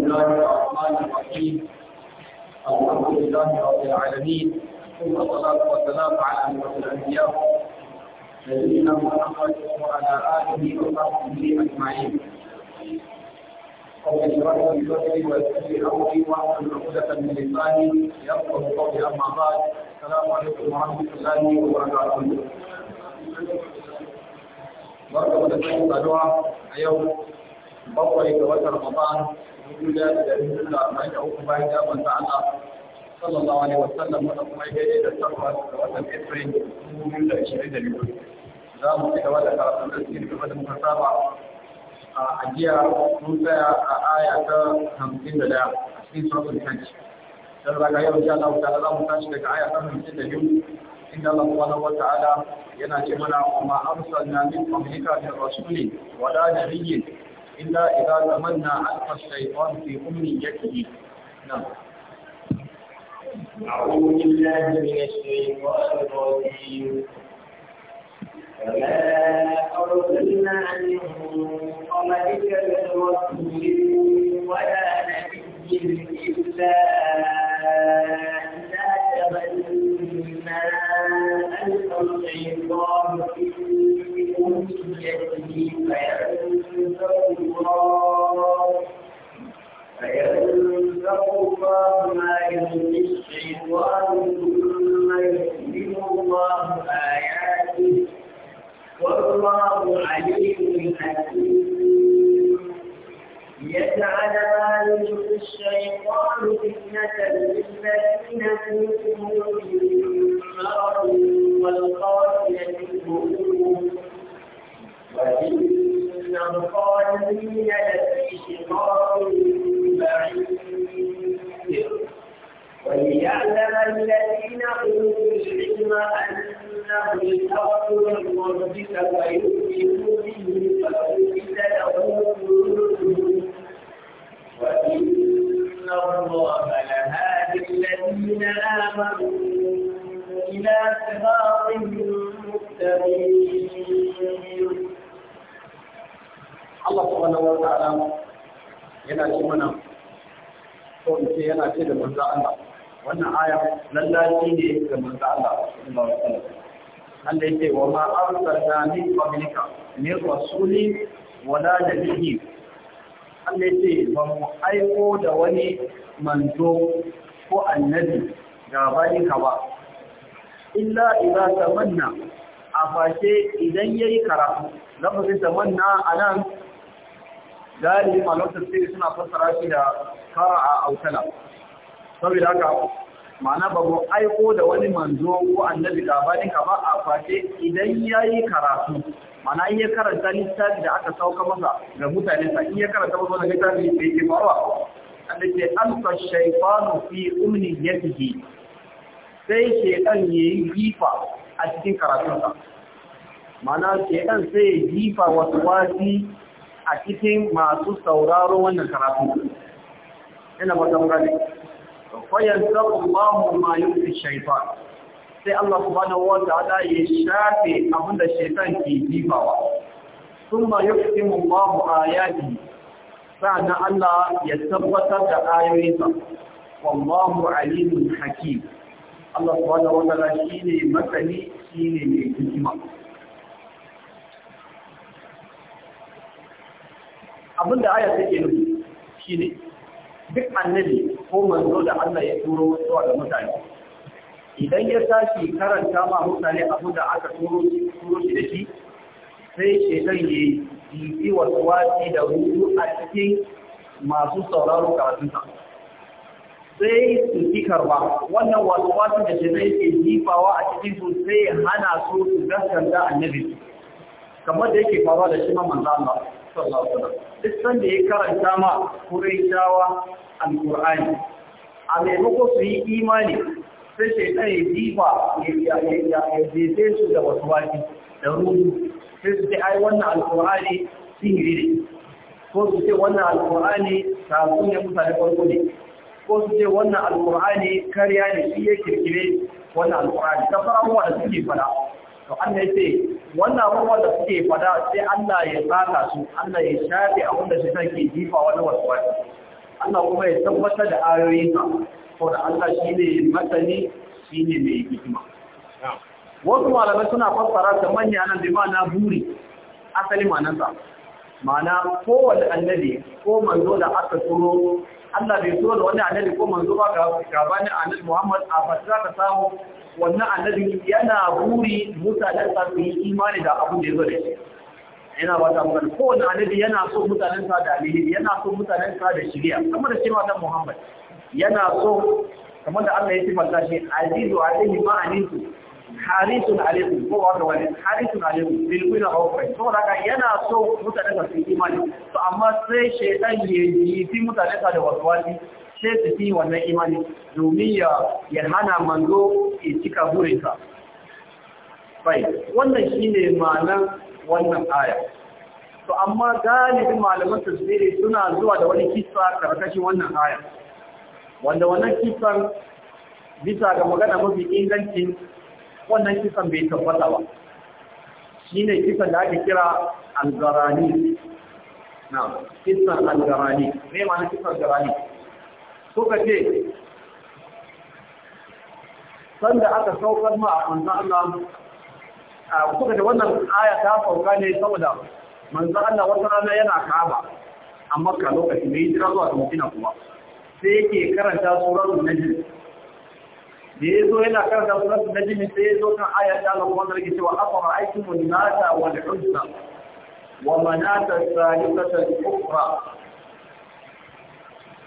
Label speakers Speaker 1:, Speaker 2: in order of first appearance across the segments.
Speaker 1: الحمد لله رب العالمين والصلاة والسلام على أشرف الأنبياء نبينا محمد وعلى آله وصحبه أجمعين قول اشرح لي صدري ويسر لي أمري عقدة من لساني يفقه قولي أما بعد السلام عليكم ورحمة الله وبركاته
Speaker 2: barka da sake
Speaker 1: saduwa a yau bakwai dubu da ɗari da arba'in da uku bayan ya Allah sallallahu alaihi kuma ya gaje da takwas da watan April da ashirin da biyu. Za mu a mun tsaya a aya ta da a cikin
Speaker 2: mu tashi daga aya ta da biyu إن الله سبحانه وتعالى ينادي منا وما أرسلنا من قبلك من رسول ولا إلا إذا تمنى ألقى الشيطان في أمنيته نعم
Speaker 1: أعوذ بالله من الشيطان الرجيم
Speaker 2: فما أرسلنا عنهم قبلك من رسول ولا نبي إلا إذا
Speaker 1: تمنى ألقى الشيطان
Speaker 2: في بيده فينزع الله الله ما يلقي الشيطان ثم يهدم الله آياته والله عليم حكيم يجعل ما يلقي الشيطان فتنة للذين في قلوبهم مرض إن الظالمين لفي شقاق بعيد وليعلم الذين أوتوا العلم أنه الحق من ربك فيؤمنوا به فأوجد له قلوبهم وإن الله لهادي الذين آمنوا إلى صراط مستقيم Allah na wata alama yana ce mana ko in ce yana ce da manzo Allah wannan aya lallaki ne ga manzo Allah sallallahu alaihi wasallam Allah yake wa ma arsalna min qablika min rasulin wala an Allah yake ba mu aiko da wani manzo ko annabi ga ka ba illa idza tamanna a fashe idan yayi karatu lafazin tamanna nan? galibi malamin tafsiri suna fassara shi da fara'a autala saboda haka ma'ana ba mu aiko da wani manzo ko annabi gabanin ka ba a face idan yayi karatu ma'ana iya karanta littafi da aka sauka masa ga mutane sa iya karanta masa wani littafi da yake faruwa wanda ke alfa shaifanu fi umni yadihi sai ya yayi rifa a cikin karatunsa ma'ana dan sai ya jifa wasu wasi a cikin masu sauraro wannan karatu ina ba zan gani fayan sallallahu ma yufi shaytan sai Allah subhanahu wa ta'ala ya shafe abinda shaifan ke jifawa thumma yuqimu Allah ayati na Allah ya tabbatar da ayoyinsa wallahu alimun hakim Allah subhanahu wa ta'ala shine shi shine mai hikima abinda aya take nufi shine duk annabi ko manzo da Allah ya turo zuwa ga mutane idan ya tashi karanta ma mutane abinda aka turo turo shi da shi sai shekan ya yi wasu wasi da ruhu a cikin masu sauraro karatunsa sai su fi karba wannan wasu wasu da shekan yake jifawa a cikin su sai hana su su gaskanta annabi kamar da yake faruwa da shi ma manzo Allah sallallahu alaihi wasallam duk sanda ya karanta ma Quraishawa al-Qur'ani a maimako su yi imani sai shaitan ya difa ya jefe su da wasu wasi da ruhu sai su ce ai wannan sun yi ne ko su ce wannan alkur'ani kafin ya mutane farko ne ko su ce wannan alkur'ani karya ne shi ya kirkire wannan alkur'ani ta fara da suke fara to an ya ce, wannan abubuwan da suke fada sai Allah ya saka su Allah ya shafe abin da shi take jifa wani wasu Allah kuma ya tabbatar da ayoyin ko da Allah shi ne shine shi ne mai hikima wasu malamai suna fassara da manya nan da na buri asali mana ma'ana kowane annabi ko manzo da aka turo Allah bai so da wani annabi ko manzo ba ga gabanin annabi Muhammad a fasira ka samu wannan annabi yana buri mutanen sa su yi imani da abin da ya zo da shi yana ba ta magana ko wani annabi yana so mutanen sa da alheri yana so mutanen sa da shiriya kamar da shi dan Muhammad yana so kamar da Allah ya ce mata azizu alaihi ma'anitu harisun alaikum ko wanda wani harisun alaikum bil kuna hawfai saboda haka yana so mutane ka su imani to amma sai shaytan ya jifi mutane ka da wasu waswasi sai su yi wannan imani domin ya ya hana manzo ya cika burinsa bai wannan shi ne ma'anar wannan aya to amma galibin malaman su tafsiri suna zuwa da wani kisa karkashin wannan aya wanda wannan kisan bisa ga magana mafi ingancin wannan kisan bai tabbata ba shi ne kisan da ake kira algarani na kisan algarani ne ma na kisan algarani ka ce sanda aka saukar ma a manzan Allah suka ce wannan aya ta sauka ne saboda manzan Allah wata rana yana kaba a makka lokaci mai jira zuwa da kuma sai yake karanta tsoron najis da ya zo yana karanta sunan na jimi sai ya zo kan aya ta Allah wanda yake cewa afa ra'aytum an-nasa wal 'uzza wa manata as-salihata al-ukhra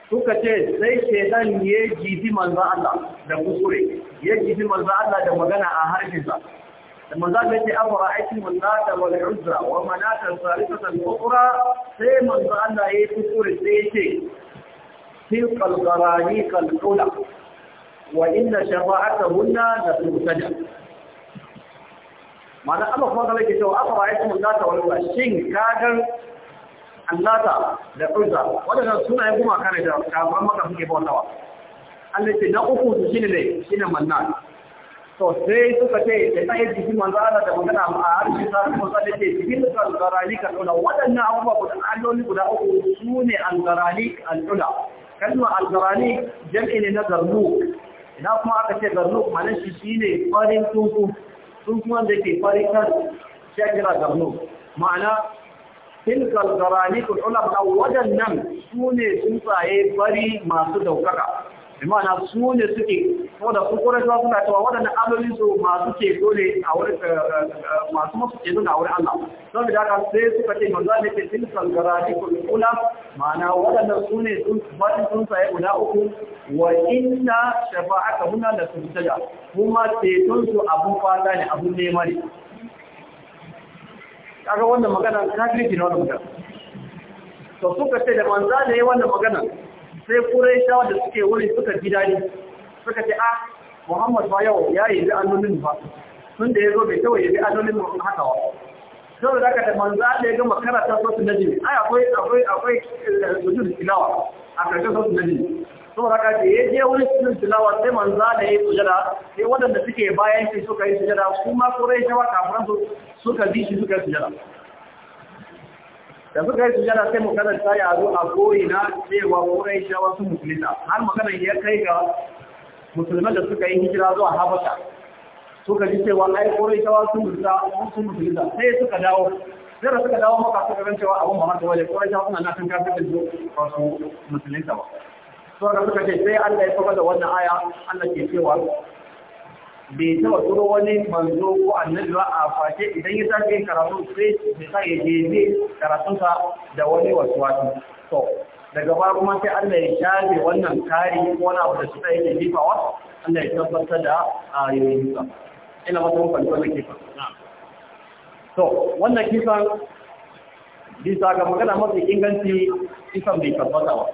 Speaker 2: suka ce sai shedan ya jifi manzo Allah da kusure ya jifi manzo Allah da magana a harshensa da manza Allah ya ce afa ra'aytum an-nasa wal 'uzza wa manata as-salihata al-ukhra sai manzo Allah ya yi kusure sai ya ce tilqal qarani kal وإن شفاعتهن لتبتدع ma'ana Allah kuma da yake cewa aka ra'aytu mallata wal uzza shin kagan allata da uzza wadannan sunayen kuma kare da kafin maka suke bautawa Allah ce na uku su shine ne shine mannan to sai suka ce da sai jikin manzo Allah da magana a harshe sa ko sai ce jikin da zarali kan ula wadannan abubuwa guda alloli guda uku sune al-zarali al-ula kalma al-zarali jam'i ne na zarmuk ina kuma aka ce garno ma'anar shi shine farin tunku tunku wanda ke farin kan shakira garno ma'ana tilkal garani kun ulama wadannan su ne tsuntsaye fari masu daukaka imana su ne suke wadda su kore zuwa suna cewa waɗanda amalin su masu ke dole a wurin eh, eh, masu masu ke nuna a wurin Allah don da haka sai suka ce manzo ne ke cin sangara ne ko kula ma'ana waɗanda su ne sun bari sun sai guda uku wa inna shafa'aka da sun tujja kuma ceton su abun fata ne abun nema ne kaga wannan magana kafirci na wannan magana to suka ce da manzo ne wannan magana sai Qurayshawa da suke wuri suka ji dadi suka ce a ah, Muhammadu ba yau ya yi zai annolin ba tun da zo bai kawai yabi annolin ba haka ba Sau da da manza da ya gama sosu na jini ai akwai akwai akwai eh, sujud tilawa a karshen na jini sau da kaji ya je wuri sunan tilawa sai manza da ya yi sujada sai waɗanda suke bayan shi suka yi sujada kuma kurai shawa kafin su suka bi shi suka yi sujada da suka yi sujada sai maganar ta yaro a ko'ina cewa ƙuraisha wasu musulita har maganar ya kai ga musulman da suka yi hijira zuwa habasha suka ji cewa ai ƙuraisha wasu musulita sai suka dawo sai suka dawo maka suka gan cewa abun ba mata waje ƙuraisha suna na kan kafin da wasu musulita ba. ga suka ce sai Allah ya saba da wannan aya Allah ke cewa bai taba turo wani manzo ko annabi ba a face idan ya sake karatu sai bai sa ya jeje karatunsa da wani wasu wasu to daga baya kuma sai Allah ya shafe wannan kari ko wani abu da suka yake jifawa Allah ya tabbatar da ayoyinsa ina wata mafarki wannan kifan to wannan kifan bisa ga magana mafi inganci kifan bai tabbata ba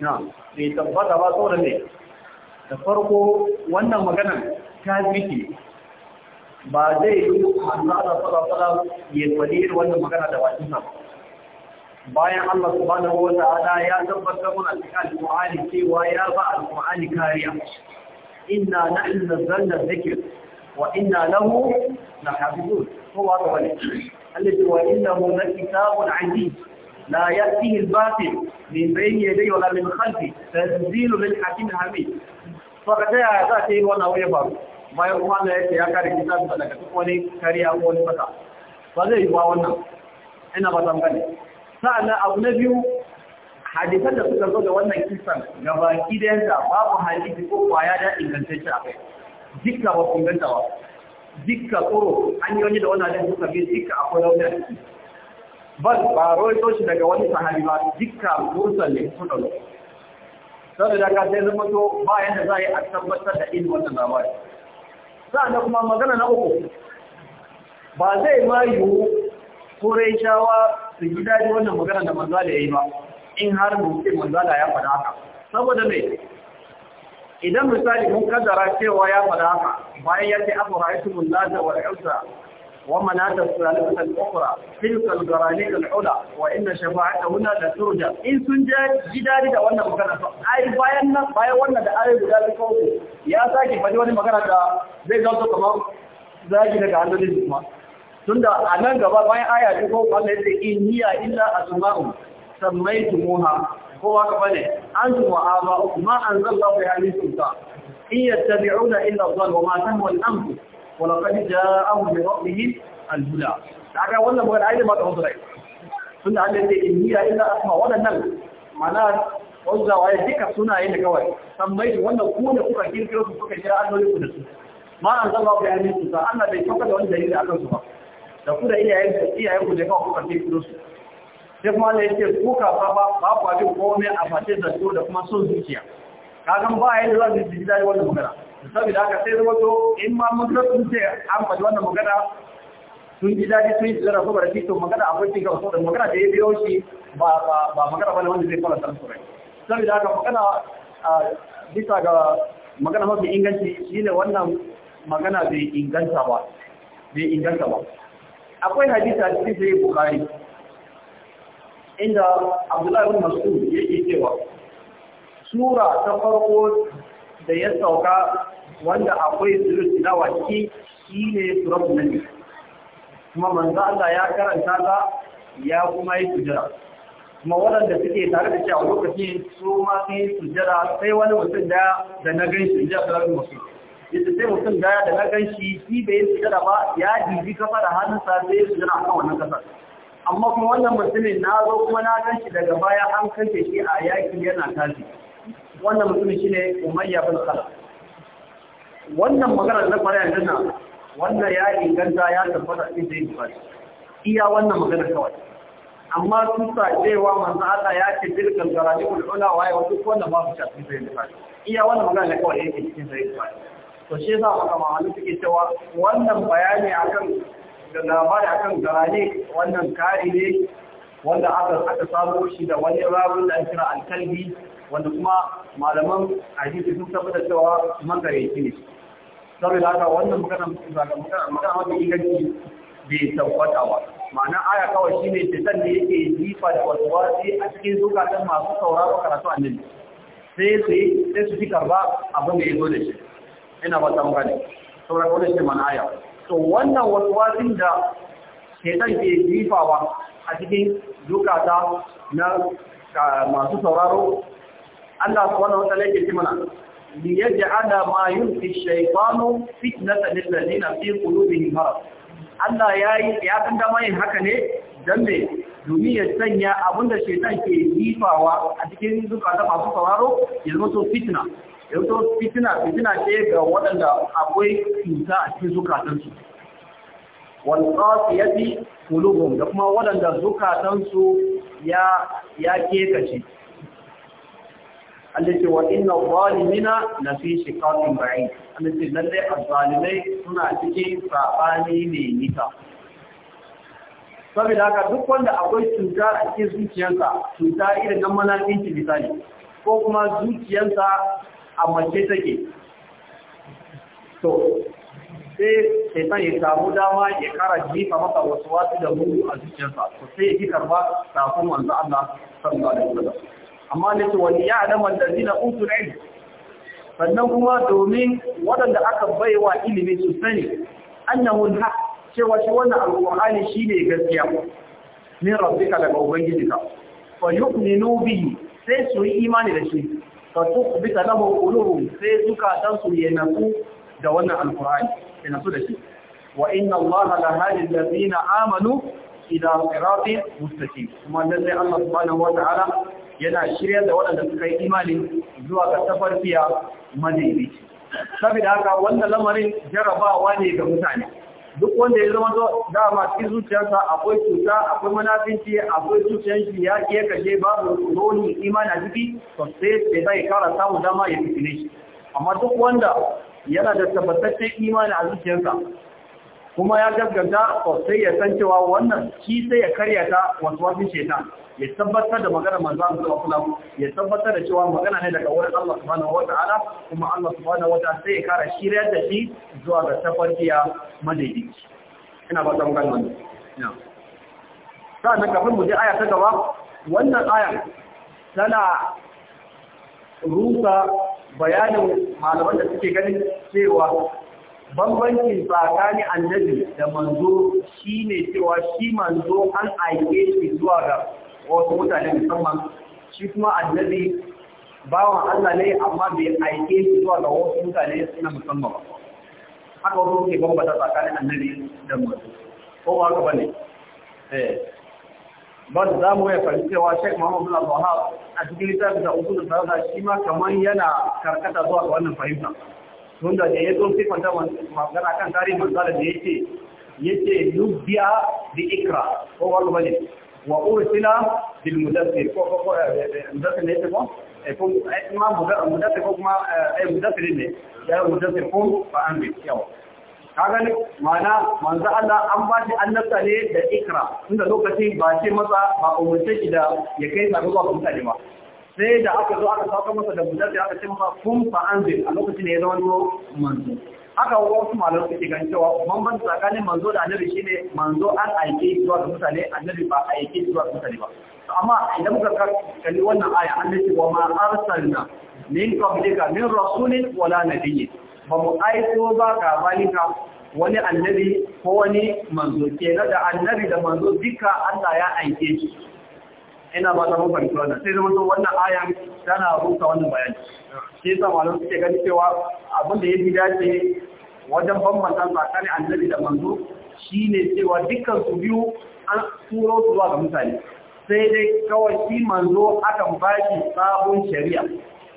Speaker 2: na bai tabbata ba saboda ne da farko wannan maganar ta ziki ba zai yi Allah da sallallahu ya fadi wannan magana da wajen ba bayan Allah subhanahu wa ta'ala ya tabbatar mana cikin alqur'ani cewa ya ba alqur'ani kariya inna nahnu nazzalna dhikr wa inna lahu lahafizun huwa tawalla alladhi wa innahu lakitabun aziz لا يأتيه الباطل من بين يديه ولا من خلفه تنزيل للحكيم الحميد to ka yaya za ta yi wani abu ya faru bayan kuma da ya ce ya kare su daga duk wani kariya ko wani fata ba zai yi ba wannan ina ba tambari sa'annan abu na biyu hadisan da suka zo da wannan kisan ga baki da yanda babu hadisi ko kwaya da ingantacce a kai dukka ba kun ganta ba dukka tsoro wani da wani hadisi suka bi dukka akwai rauni a ciki ba ba roi shi daga wani sahabi ba dukka mursal ne suka zo saboda da ka sai zama to ba yanda za a yi a tabbatar da ilimin wannan labari sa'an da kuma magana na uku ba zai ma yiwu turai shawa su yi daji wannan magana da manzala ya yi ba in har mutum manzala ya faɗa haka saboda mai idan misali mun kaddara cewa ya faɗa haka bayan ya ce abu mun lada wa al'usa ومناة الثالثة الأخرى تلك الجرانيك العلا وإن شفاعتهن لترجى إن سنجا جداري ده وانا مكانا أي باينا باي وانا ده أي بدال الكوكو يا ساكي فدي وانا مكانا ده زي جلسة تمام زاجي لك عندو لزمه tunda a nan gaba bayan aya ta ko Allah ya ce in hiya illa asma'u sammaytumuha ko haka bane an zuwa aba ma anzalallahu ya alikum ta in yattabi'una illa dhanna wa ma tahwa al-anfus Wala ولقد جاءهم من ربهم الهدى kaga wannan magana ai da ma tsawon sai tunda Allah ya ce in hiya illa asma wadannan mana wanda waye duka sunaye ne kawai san mai wannan ku ne kuka kirkiro su kuka kira Allah ku da su ma an zalla bi amin su sa Allah bai kauka da wani dalili akan su ba da ku da iyayen ku iyayen ku da kawai kuka kirkiro su sai kuma Allah ya ce ku fa ba ba ku abin komai a face da su da kuma son zuciya kaga ba yayin da za su ji dai wannan magana saboda haka sai zama to in ma mun ga sun ce an faɗi wannan magana sun ji daji sun yi zara ko barci to magana akwai cin gaba da magana da ya biyo shi ba magana ba ne bane wanda zai fara san su rai saboda haka magana bisa ga magana mafi inganci shine wannan magana bai inganta ba bai inganta ba akwai hadisi a cikin sai bukari inda abdullahi bin mas'ud yake cewa sura ta farko da ya sauka wanda akwai surutu na waki shi ne na ne kuma manzo Allah ya karanta ta ya kuma yi sujara kuma waɗanda suke tare da shi a lokacin su ma su yi sujara sai wani mutum da da na gan shi jiya fara mafi. yadda sai mutum da da na gan shi shi bai yi sujara ba ya dibi kafa da hannunsa sai sujjara a wannan kasar amma kuma wannan mutumin na zo kuma na gan shi daga baya an kashe shi a yaƙin yana tashi wannan mutumin ne umayya bin khalaf wannan magana na fara yanzu na wannan ya inganta ya tabbata cikin yake bukhari iya wannan magana kawai amma su sa cewa manzo Allah ya ce bil kalgarani ul ula wa ya duk wannan babu ta cikin yake bukhari iya wannan magana kawai yake cikin yake bukhari to shi yasa aka ma'alu suke cewa wannan bayani akan da labari akan garane wannan kari ne wanda aka aka samu shi da wani rawun da ake kira alkalbi wanda kuma malaman hadisi sun tabbatar cewa shi ne saboda haka wannan magana magana mafi inganci bai tabbata ba ma'ana aya kawai shine shaitan ne yake jifa da waswasi a cikin zukatan masu sauraro karatu annabi sai sai sai su fi karba abin da ya zo da shi ina ba ta magana saboda wannan shi ma'ana aya to wannan waswasin da shaitan ke jifawa a cikin zukata na masu sauraro Allah subhanahu wataala yake ce mana li yaj'ala ma yunfi shaytanu fitnatan lil ladina fi qulubihim marad Allah yayi ya san dama yin haka ne dan me domin ya sanya abinda shaytan ke jifawa a cikin zukata masu sauraro ya zama to fitna yau to fitina fitina ce ga waɗanda akwai cuta a cikin zukatansu walƙasu ya fi ƙulubun da kuma waɗanda zukatansu ya kekace alice wa ina zalimina na fi shekarun bayi alice lalle a zalimai suna cikin saɓani mai nita saboda haka duk wanda akwai cuta a cikin zuciyarsa cuta irin na manafinci misali ko kuma zuciyarsa a mace take sai shaitan ya samu dama ya kara jifa masa wasu wasu da mugu a zuciyarsa to sai ya ji karba sakon manzo Allah sallallahu alaihi wasallam amma ne to wani ya adam allazina utul ilm sannan kuma domin waɗanda aka baiwa ilimi su sani annahu alhaq cewa shi wannan alqur'ani shine gaskiya min rabbika daga ubangijinka fa yu'minu bihi sai su yi imani da shi fa tuqbita lahu qulubuhum sai zukatan su yanaku da wannan alkur'ani ina so da shi wa inna allaha la hadi allazina amanu ila siratin mustaqim kuma lallai Allah subhanahu wata'ala yana shirya da waɗanda suka yi imani zuwa ga tafarkiya madaidai saboda haka wannan lamarin jarabawa ne ga mutane duk wanda ya zama dama cikin zuciyarsa akwai cuta akwai munafinci akwai zuciyar shi ya ke kashe babu roni imani a jiki to sai sai zai kara samu dama ya fitine shi amma duk wanda yana da tabbataccen imani a zuciyarsa kuma ya gaggata sai ya san cewa wannan shi sai ya karya ta wasu wasu shaitan ya tabbatar da magana manzo Allah sallallahu alaihi ya tabbatar da cewa magana ne daga wurin Allah subhanahu wataala kuma Allah subhanahu wataala sai ya kara shirya da shi zuwa ga tafarkiya madaidi ina ba ta mun gani wannan ina kafin mu je aya ta gaba wannan aya tana rusa bayanin malaman da suke ganin cewa bambanci tsakanin annabi da manzo shine cewa shi manzo an aike shi zuwa ga wasu mutane musamman shi kuma annabi bawan Allah ne amma bai aike shi zuwa ga wasu mutane na musamman ba haka wasu ke bambata tsakanin annabi da manzo ko ba ka bane eh bar za mu ya fahimci cewa Sheikh Muhammad bin ha a cikin littafin da usul sarada shi ma kamar yana karkata zuwa ga wannan fahimta tun da ya zo sifanta magana kan tarihin manzala da yake yace lubbiya bi ikra ko wani bane wa ursila bil mudassir ko ko eh, eh, eh, ne ko ko ma ko kuma mudaththir ne ya ko fa an bi yawa ka gani mana manzo Allah an ba shi annabta ne da ikra inda lokaci ba ce masa ba umurce shi da ya kai sa zuwa mutane ba sai da aka zo aka sauka masa da budar da aka ce masa kun fa anzil a lokacin ne ya zama manzo aka wasu malamu suke gan cewa bambanci tsakanin manzo da annabi shine manzo an aike zuwa ga mutane annabi ba aike zuwa ga mutane ba amma idan muka kalli wannan aya annabi wa ma arsalna min qablika min rasulin wala nabiyyin ba mu aiko ba ka malika wani annabi ko wani manzo kenan da annabi da manzo duka Allah ya aike shi ina ba ta mun fahimci wannan sai zama wannan ayan tana ruka wannan bayani sai sa malam suke gani cewa abin da ya bi dace wajen bambanta tsakanin annabi da manzo shine cewa dukkan su biyu an turo su zuwa ga mutane sai dai kawai shi manzo aka bashi sabon shari'a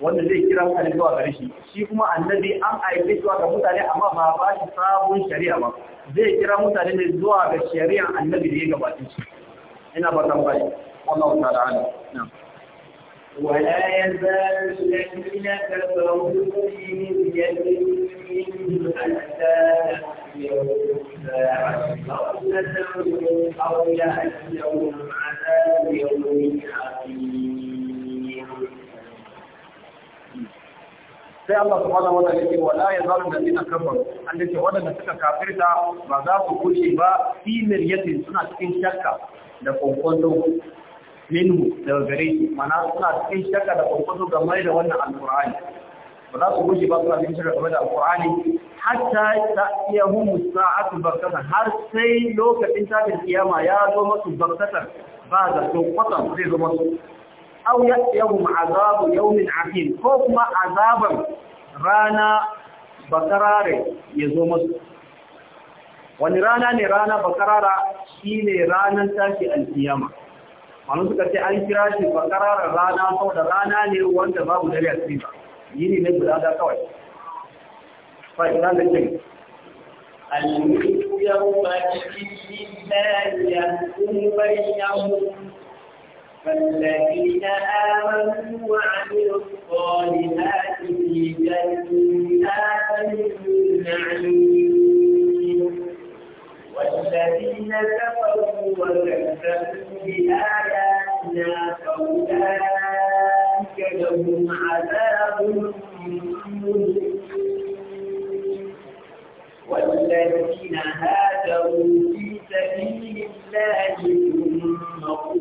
Speaker 2: wanda zai kira mutane zuwa gare shi shi kuma annabi an aike zuwa ga mutane amma ba ba shi sabon shari'a ba zai kira mutane ne zuwa ga shari'an annabi da ya gabatin shi ina ba ta bai wallahu ta'ala alim na'am
Speaker 1: ولا
Speaker 2: يزال الذين كفروا بيدهم حتى تأتيهم أو يأتيهم عذاب يوم عظيم sai Allah subhanahu wa ta'ala yake wala yazalu alladhina kafaru allati wadanda suka kafirta ba za su kuce ba fi miryatin suna cikin shakka da kokonto minhu da gare shi mana suna cikin shakka da kokonto game da wannan alqur'ani ba za su kuce ba suna cikin shakka game da alqur'ani hatta ta'iyahum sa'atu barkatan har sai lokacin tashin kiyama ya zo musu barkatan ba zato kwatan zai zo musu au yatiyahum azabu yawmin ahim ko kuma azaban rana bakarare ya zo masu? wani rana ne rana bakarara ne ranan tashi alfiyama. wani suka ce an kira shi bakarara rana saboda rana ne wanda babu dare a cikin yini ne guda da kawai fa ina da kin al-mulku yawma idin lillahi yahkum bainahum فالذين آمنوا وعملوا الصالحات في جنات النعيم والذين كفروا وكذبوا بآياتنا فأولئك لهم عذاب مهين
Speaker 1: والذين هاجروا في
Speaker 2: سبيل الله ثم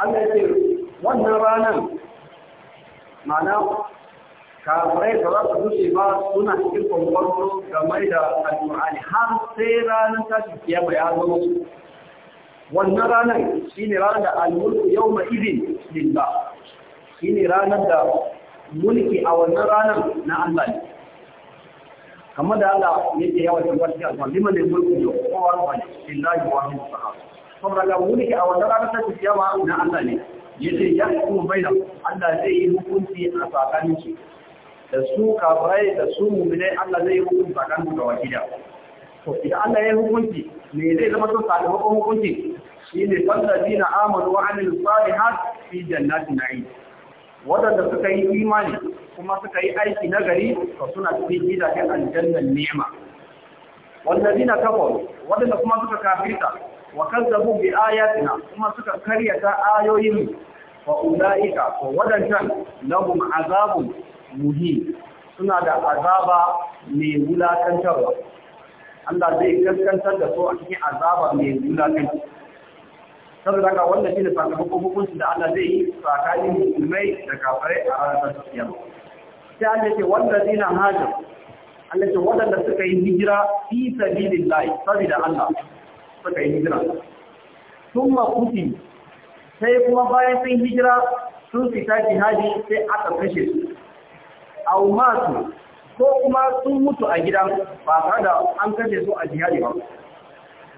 Speaker 2: Allah ce wannan ranar ma'ana kafirai ba za su rushe ba suna cikin kwamfarko game da al'ur'ani har sai ranar tashi kiyama ya zama su wannan ranar shi ne ranar da al'urku yau ma izin lilla shi ne ranar da mulki a wannan ranar na Allah ne kamar da Allah ya yake yawan tabbatar da liman ne mulki yau kowa ne lillahi wa hin sahaba saboda ga mulki a wannan ranar ta kiyama na Allah ne yace ya kuma bainam Allah zai yi hukunci a tsakanin su da su kafirai da su mu'minai Allah zai yi hukunci tsakanin su da wakila to idan Allah ya yi hukunci me zai zama to sakamakon hukunci shine fallazina amanu wa amilus salihat fi jannatin na'im wadanda suka yi imani kuma suka yi aiki nagari to suna cikin gidajen aljannan nema wallazina kafaru wadanda kuma suka kafirta wa kazzabu bi ayatina kuma suka karya ta ayoyin fa ulaika fa wadantan lahum azabun muhin suna da azaba mai wulakantarwa Allah zai gaskantar da su a cikin azaba mai wulakantarwa saboda haka wannan shine sakamakon hukunci da Allah zai yi tsakanin musulmai da kafirai a ranar kiyama sai Allah ya ce wallazina hajar Allah ce waɗanda suka yi hijira fi sabilillah sabida Allah suka yi hijira sun makuti sai kuma bayan sun hijira sun fita jihadi sai aka kashe su a umaru ko kuma sun mutu a gidan ba tare da an kashe su a jihadi ba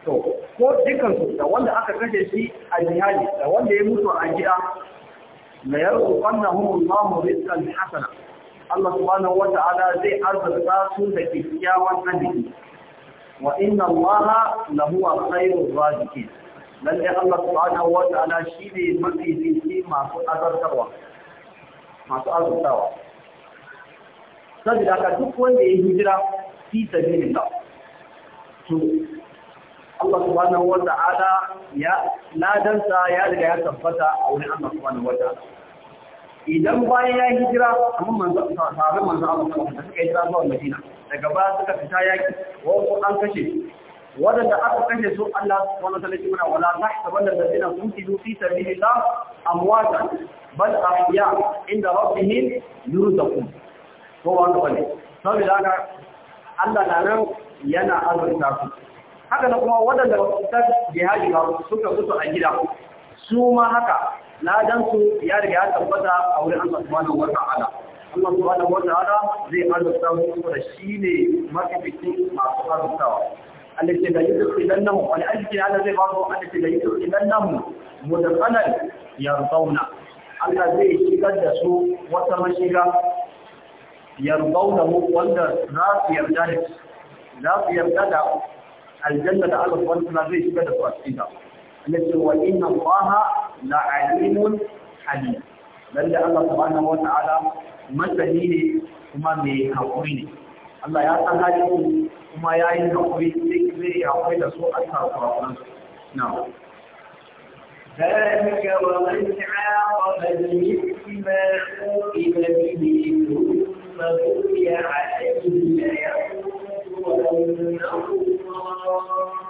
Speaker 2: to ko dukansu da wanda aka kashe shi a jihadi da wanda ya mutu a gida la hukun Allahu rizqan hasana Allah subhanahu ala zai arzuta su da kyakkyawan hannun wa inna allaha lahuwa khairur raziqin lalle Allah subhanahu wa ta'ala shine mafi zinci masu azartarwa masu azartarwa saboda haka duk wanda ya hijira fi sabilillah to Allah subhanahu wa ta'ala ya ladansa ya riga ya tabbata a wurin Allah subhanahu wa ta'ala idan bayan ya hijira amma manzo sahabban manzo Allah sallallahu alaihi suka hijira zuwa Madina daga ba suka fita yaki ko an kashe wadanda aka kashe su Allah subhanahu wa ta'ala ya wala tahsabanna alladhina qutilu fi sabilillah amwata bal ahya inda rabbihim yurzaqun ko wanda bane saboda haka Allah na nan yana azurta su haka na kuma wadanda ba su jihadi ba suka mutu a gida su ma haka na dan su ya riga ya tabbata a wurin Allah subhanahu wa ta'ala Allah subhanahu wa ta'ala zai arzuta su da التي لا يدخلنهم ولأجل هذا زي برضه التي لا يدخلنهم مدخلا يرضون الله زي شيغا دسو وتما يرضونه ولا راس يرضى راس يرضى الجنة الله سبحانه وتعالى زي شيغا دسو أشيغا التي وإن الله la'alimun halim lalle Allah subhanahu wa ta'ala masani ne kuma mai hakuri ne Allah ya san halin kuma ya yi hakuri sai zai hakuri da su a tsakanin su na'am ذلك ومن عاقب بمثل ما عوقب به ثم بني عليه ليقول أنه
Speaker 1: الله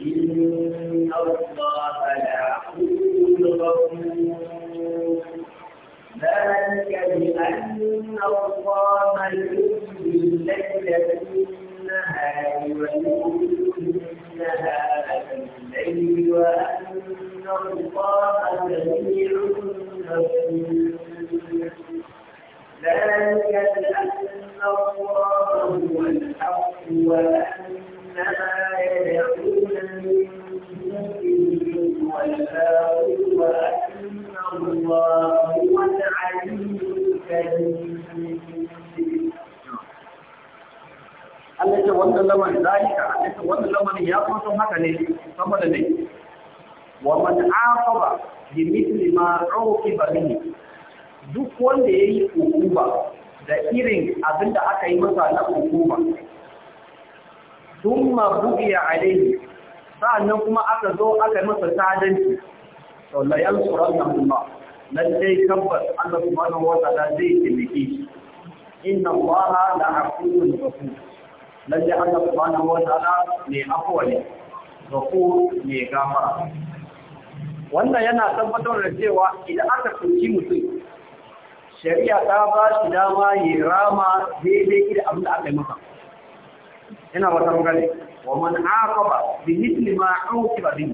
Speaker 2: إن الله لعفو غفور ذلك بأن الله يحيي الليل النهار ويحيي النهار في وأن
Speaker 1: الله سميع بصير ذلك بأن الله هو الحق وأن Allah
Speaker 2: ce wannan wannan ya kusa haka ne saboda ne wa man ma duk wanda yayi hukuma da irin abinda aka yi masa na hukuma ma thumma a alayhi sa'annan kuma aka zo aka masa sadanci to la yansuranna Allah lalle tabbas Allah subhanahu wata ta'ala zai taimake shi inna Allah la afuwun ghafur lalle Allah subhanahu wata ta'ala ne afuwa ne ghafur ne gafara wannan yana tabbatar da cewa idan aka soki mutum shari'a ta ba shi dama ya rama daidai da abin da aka yi masa ina wata gane wa man aqaba bi mithli ma uqiba bi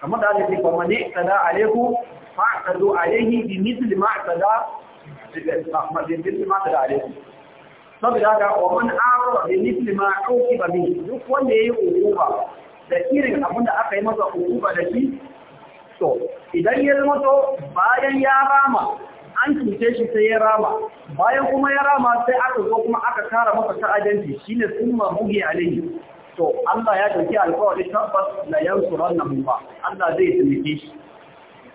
Speaker 2: kamar da Allah ya ce man tada alaiku fa'tadu alaihi bi mithli ma tada bi mithli ma tada alaiku saboda haka wa man aqaba bi mithli ma uqiba bi duk wanda yayi uquba da irin abinda aka yi masa uquba da shi to idan ya zama to bayan ya rama an cuce shi sai ya rama bayan kuma ya rama sai aka zo kuma aka kara masa ta'adanci shine summa bugi alayhi to Allah ya dauki alƙawari tabbas la yansurannahu ba Allah zai ke shi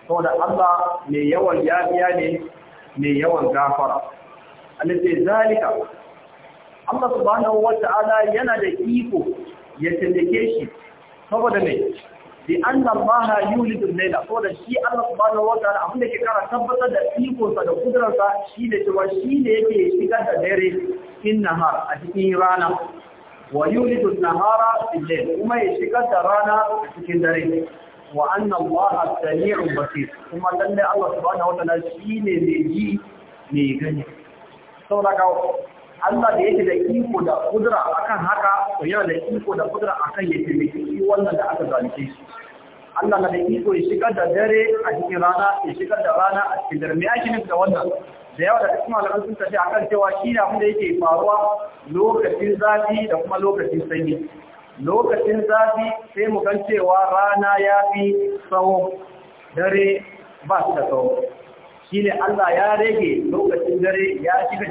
Speaker 2: da Allah mai yawan yafiya ne mai yawan gafara alladhi zalika Allah subhanahu wata'ala yana da iko ya taimake shi saboda mai. bi anna allaha yulidu al ko da shi Allah subhanahu wa ta'ala abin da ke kara tabbatar da iko da kudrar sa shi ne cewa shi ne yake shigar da dare in nahar a cikin rana wa yulidu nahara bil-layl kuma ya shigar da rana a cikin dare wa anna allaha sami'un basir kuma lalle Allah subhanahu wa ta'ala shi ne mai ji mai gani saboda Allah da yake da iko da kudura akan haka to yana da iko da kudura akan ya da shi wannan da aka zalunce shi Allah na da iko ya shigar da dare a cikin rana ya shigar da rana a cikin dare me ake da wannan da yawa da kuma malaman sun tafi akan cewa shi na da yake faruwa lokacin zafi da kuma lokacin sanyi lokacin zafi sai mu kan cewa rana ya fi tsawo dare ba su da tsawo shine Allah ya rage lokacin dare ya shiga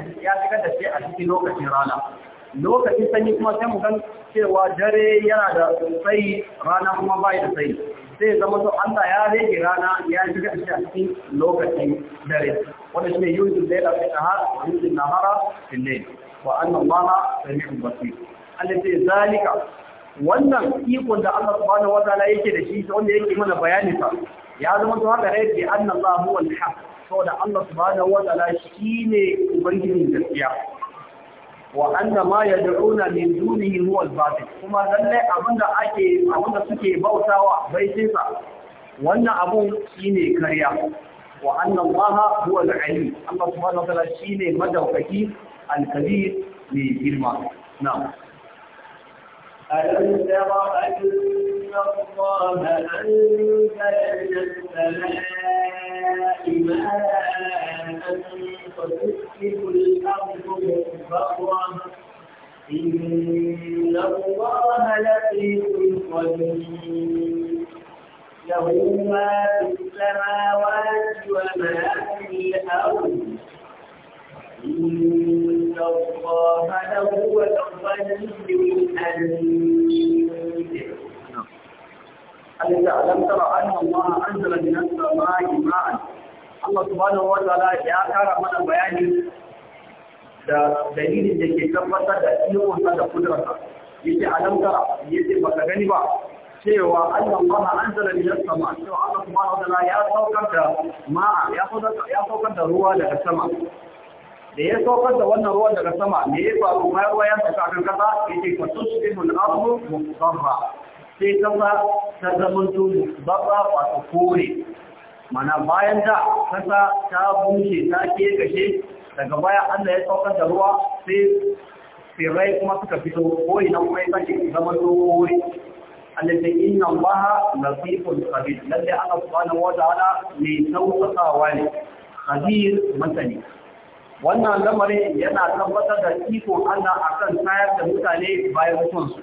Speaker 2: da shi a cikin lokacin rana lokacin sanyi kuma sai mu cewa dare yana da tsayi rana kuma bai da tsayi sai zama to Allah ya rage rana ya shiga da shi a cikin lokacin dare wanda shine yuzul layla fi nahar wa nahara fi layl wa anna Allah
Speaker 1: sami'un basir
Speaker 2: Allah sai zalika wannan ikon da Allah subhanahu wa ta'ala yake da shi wanda yake mana bayani fa ya zama to haka ne bi anna Allah huwa haq saboda Allah subhanahu wataala shine ubangijin gaskiya wa anna ma yad'una min dunihi huwa al-batil kuma lalle abinda ake abinda suke bautawa bai sai sa wannan abu shine kariya wa anna Allah huwa al-alim Allah subhanahu wataala shine madaukaki al-kabir ne girma na'am ألم تر أن الله أنزل من السماء ماء
Speaker 1: فتسكت الأرض مخبرا إن الله لطيف قدير
Speaker 2: له ما في السماوات وما في الأرض الله لهو الغني أليس ألم ترى أن الله أنزل من السماء ماء Allah subhanahu wa ta'ala ya kara mana bayani da dalilin da ke tabbatar da ilminsa da kudurarsa yake alamtara yake baka gani ba cewa Allah ma anzala min as-sama cewa Allah subhanahu wa ta'ala ya saukar da ma'a ya saukar da ruwa daga sama da ya saukar da wannan ruwan daga sama me ya faru ma ruwa ya sauka kan kasa yake fa tusbihu al-ardu musfarra sai kasa ta zama to babba ta kore mana bayan da kasa ta bushe ta kashe, daga baya Allah ya saukar da ruwa sai firai kuma suka fito kore na kuma ya sake zama to kore الذي إن الله لطيف خبير الذي أنا سبحانه وتعالى لسوء صوالي خبير Masani. wannan lamarin yana tabbatar da iko Allah kan tayar da mutane bayan mutuwarsu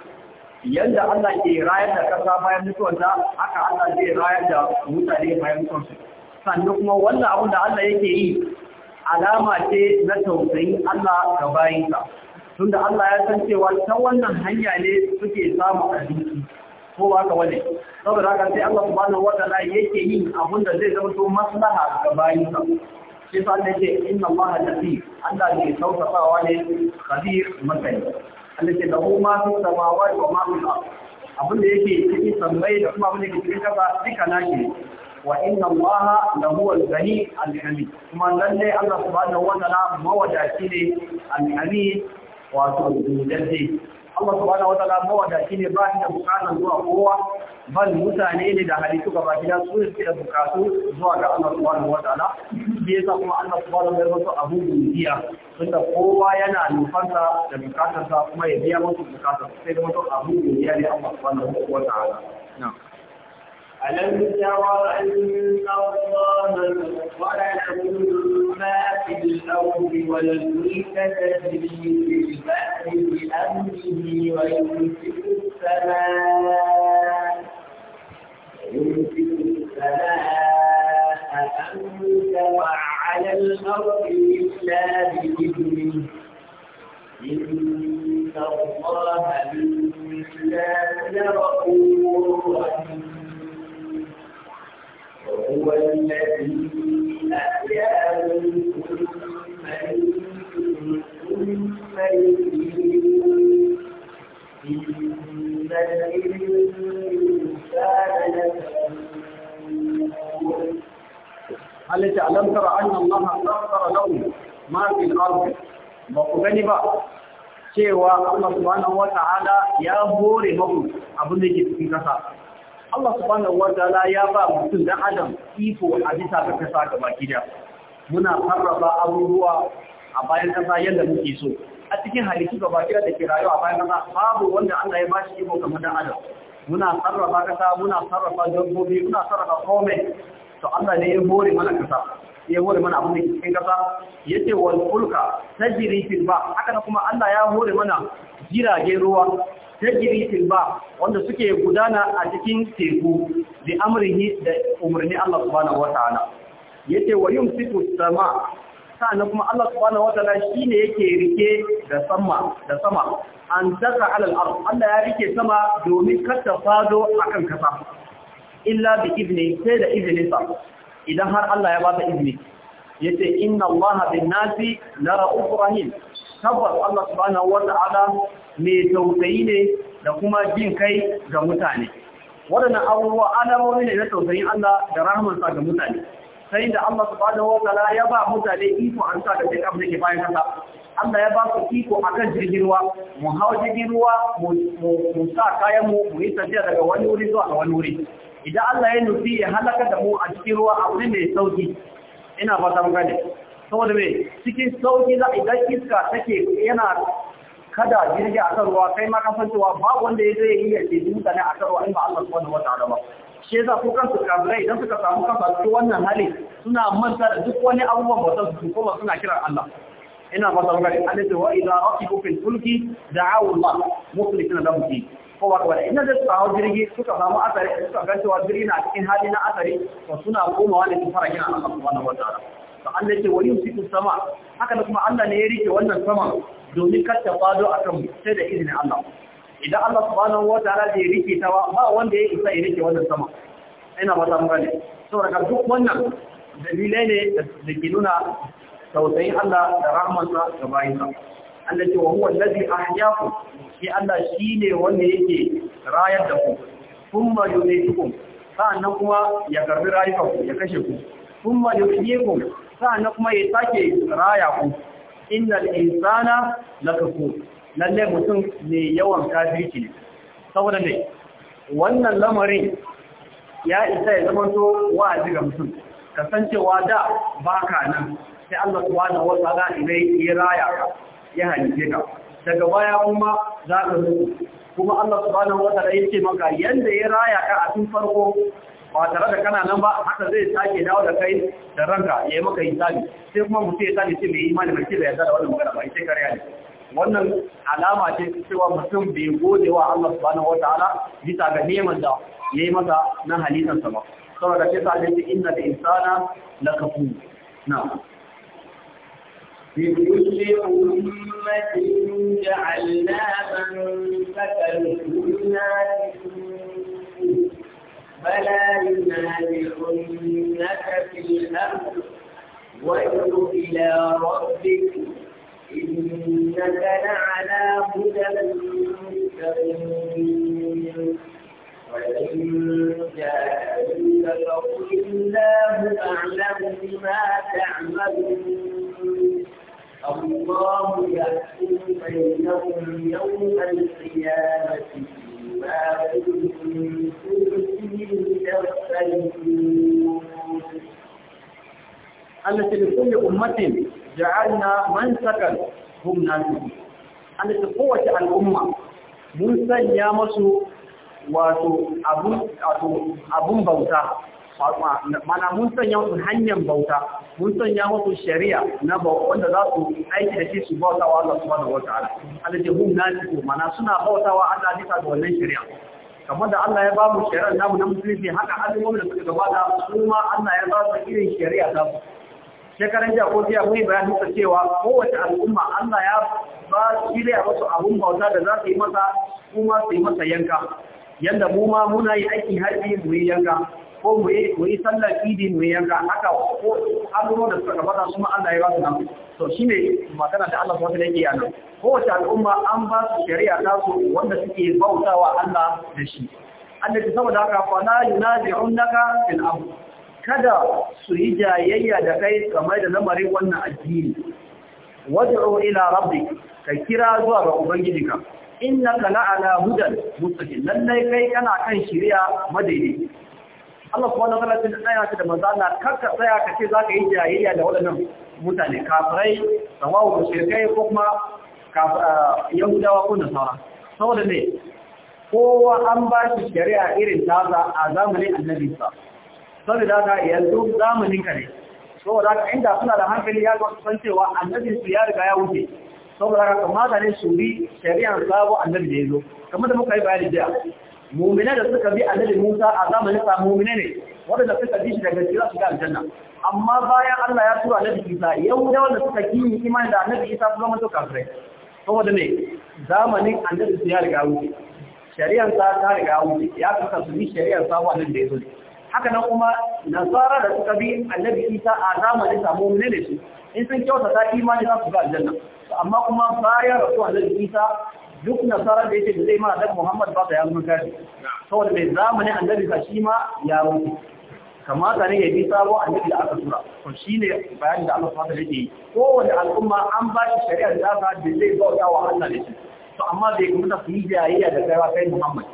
Speaker 2: yadda Allah ke rayar da kasa bayan mutuwarta haka Allah zai rayar da mutane bayan mutuwarsu sannan kuma wannan abin da Allah yake yi alama ce na tausayin Allah ga Tun tunda Allah ya san cewa ta wannan hanya ne suke samu abinci ko ba ka wane saboda haka sai Allah subhanahu wataala yake yin abin zai zama to maslaha ga bayinsa sai sa Allah ce inna Allah lafi Allah ne sautasawa ne khabir masani Allah ce lahu ma fi samawati wa ma fi al abin da yake cikin sammai da kuma abin da yake cikin kasa duka nake wa inna Allah lahu al-ghani al-hamid kuma lalle Allah subhanahu wa ta'ala mawadaci ne al-hamid wato dudadde Allah subhanahu wataala mawada shine ba shi da bukatar zuwa kowa bal mutane ne da halittu gaba gida su ne suke da bukatu zuwa ga Allah subhanahu wataala shi yasa kuma Allah subhanahu wataala ya wasu abu dubiya tunda kowa yana nufansa da bukatarsa kuma ya biya musu bukatar sai da mutum abu dubiya ne Allah subhanahu wataala na'am ألم تر أن الله سخر ما في الأرض والفلك تجري في البحر بأمره
Speaker 1: ويمسك السماء ويمسك
Speaker 2: السماء أن تقع على الأرض إلا بإذنه إن الله
Speaker 1: بالناس لرؤوف رحيم
Speaker 2: Halitta alamtara an yi Allah na tsara launin mafin alfi, ba ku gani ba cewa Allah su wa ta'ala ya bore maku, abin da ke cikin kasa. Allah subhanahu wataala ya ba mutum da adam iko a bisa ta kasa ga baki da muna sarrafa abubuwa a bayan kasa yadda muke so a cikin halittu ga baki da ke rayuwa a bayan kasa babu wanda Allah ya ba shi iko kamar da adam muna sarrafa kasa muna sarrafa dabbobi muna sarrafa kome to Allah ne ya hore mana kasa ya hore mana abin da ke cikin kasa yace wal fulka tajri fil ba haka kuma Allah ya hore mana jiragen ruwa tajiri fil wanda suke gudana a cikin teku bi amrihi da umarni Allah subhanahu wataala yace wa yumsiku sama na kuma Allah subhanahu wataala shine yake rike da sama da sama an taka alal ard Allah ya rike sama domin kada fado akan kasa illa bi izni sai da izinin sa idan har Allah ya bada izini yace inna Allah bin nasi la ra'ufur rahim tabbas Allah subhanahu wata'ala mai tausayi ne da kuma jin kai ga mutane waɗannan abubuwa alamomi ne na tausayin Allah da sa ga mutane sai da Allah subhanahu wata'ala ya ba mutane iko an sa da duk abin da ke bayan kasa Allah ya ba su iko akan jirgin ruwa mu hau jirgin ruwa mu sa kayan mu mu yi tafiya daga wani wuri zuwa wani wuri idan Allah ya nufi ya halaka da mu a cikin ruwa a wurin da sauki ina fata mun gane saboda mai cikin sauki za a idan iska take yana kada jirgi a kan ruwa kai ma kasancewa ba wanda ya zai iya ce mutane a ruwa in ba Allah subhanahu wa ta'ala ba shi yasa ko kansu kafirai idan suka samu kansu a cikin wannan hali suna manta da duk wani abubuwan bautar su kuma suna kiran Allah ina fata mun gani alaihi wa idza raqibu fil fulki da'u Allah mukhlisina lahu din ko ba kawai ina da su hawo jirgi suka samu asari suka ga cewa jirgi na cikin hali na asari to suna komawa ne su fara kiran Allah subhanahu wa ta'ala Allah yake wani yusiku sama haka da kuma Allah ne ya rike wannan sama domin kar ta fado akan mu sai da izinin Allah idan Allah subhanahu wataala da ya rike ta ba wanda ya isa ya rike wannan sama ina ba ta mugane saboda ka duk wannan dalilai ne da ke nuna tausayin Allah da rahmansa ga bayinsa Allah ce wa huwa allazi ahyaakum shi Allah shine wanda yake rayar da ku kuma yumitukum sa'annan kuma ya karbi ku, ya kashe ku kuma yuhyikum sa'annan kuma ya sake raya ku innal insana lakafu lalle mutum ne yawan kafirci ne saboda ne wannan lamarin ya isa ya zama to wa'azi ga mutum kasancewa da baka nan sai Allah subhanahu wa ta'ala idan ya raya ka ya halice ka daga baya kuma za ka zo. kuma Allah subhanahu wa ta'ala yake maka yanda ya raya ka a tun farko ba tare da kana nan ba haka zai sake dawo da kai da ranka ya yi maka hisabi sai kuma mutum ya sani ce mai imani mai ce da zara da wannan magana ba ita kariya ne wannan alama ce cewa mutum bai gode wa Allah subhanahu wataala bisa ga neman da ya yi masa na sa ba saboda ke sa ne inna da insana la kafu na لكل أمة جعلنا من فكر الناس فلا ينازعنك في الأمر وادع إلى
Speaker 1: ربك
Speaker 2: إنك لعلى هدى مستقيم وإن جاءك
Speaker 1: فقل الله أعلم بما تعملون الله يحكم بينهم يوم
Speaker 2: ummatin ja'alna sakan hum nasu an da kowace al'umma mun sanya masu wato abun bauta mana mun sanya musu hanyar bauta mun sanya musu shari'a na bauta, wanda za su aiki da shi su bautawa Allah subhanahu da aljihum nasiku mana suna bautawa Allah bisa ga wannan shari'a kamar da Allah ya ba mu shari'a namu na musulunci haka al'ummomin da suka gabata su ma Allah ya ba su irin shari'a ta su shekaran jiya ko jiya mun bayani ta cewa kowace al'umma Allah ya ba shi da wasu abun bauta da za su yi masa kuma su yi masa yanka yanda mu ma muna yi aiki yi mu yi yanka ko mu yi sallar idi mu yi yanka haka ko al'umma da suka gabata su Allah ya ba su nan to shine magana da Allah subhanahu yake yana kowace al'umma an ba su shari'a ta su wanda suke bautawa Allah da shi annabi saboda haka fa la yunazi'unaka fil amr kada su yi jayayya da kai kamar da lamarin wannan addini wad'u ila rabbik ka kira zuwa ga ubangijinka innaka la'ala hudan mustaqim lallai kai kana kan shari'a madaidai Allah kuma nan Allah ya tsaya da manzo Allah karka tsaya ka ce zaka yi jayayya da waɗannan mutane kafirai sawawu mushrikai ko kuma yahudawa ko nasara saboda ne kowa an ba shi shari'a irin za a zamanin annabi sallallahu da ta yanzu zamanin ka ne saboda haka inda suna da hankali ya ga san cewa annabin su ya riga ya wuce saboda haka kamata ne su bi shari'ar sabo annabi da ya zo kamar da muka yi bayani jiya mumina da suka bi annabi Musa a zamanin sa mumina ne waɗanda suka bi shi daga cikin su ga aljanna amma bayan Allah ya tura annabi Isa yahudawa wanda suka kiyi imani da annabi Isa su zama to kafirai saboda ne zamanin annabi su ya riga wuce shari'ar sa ta riga wuce ya kusa su bi shari'ar sabo annabi da ya zo haka nan kuma nasara da suka bi annabi isa a zamanin samu ne su in sun kyauta ta imani za su ga aljanna amma kuma bayan rasu annabi isa duk nasara da yake da zai ma daga muhammad ba ta ya zama gari saboda mai zamanin annabi ka shi ma ya rufe kamata ne ya bi sabo annabi da aka tura to shine bayanin da Allah subhanahu wa ta'ala yake al'umma an ba shi shari'ar da aka da zai bauta wa Allah ne to amma bai kuma ta yi jayayya da kaiwa kai muhammad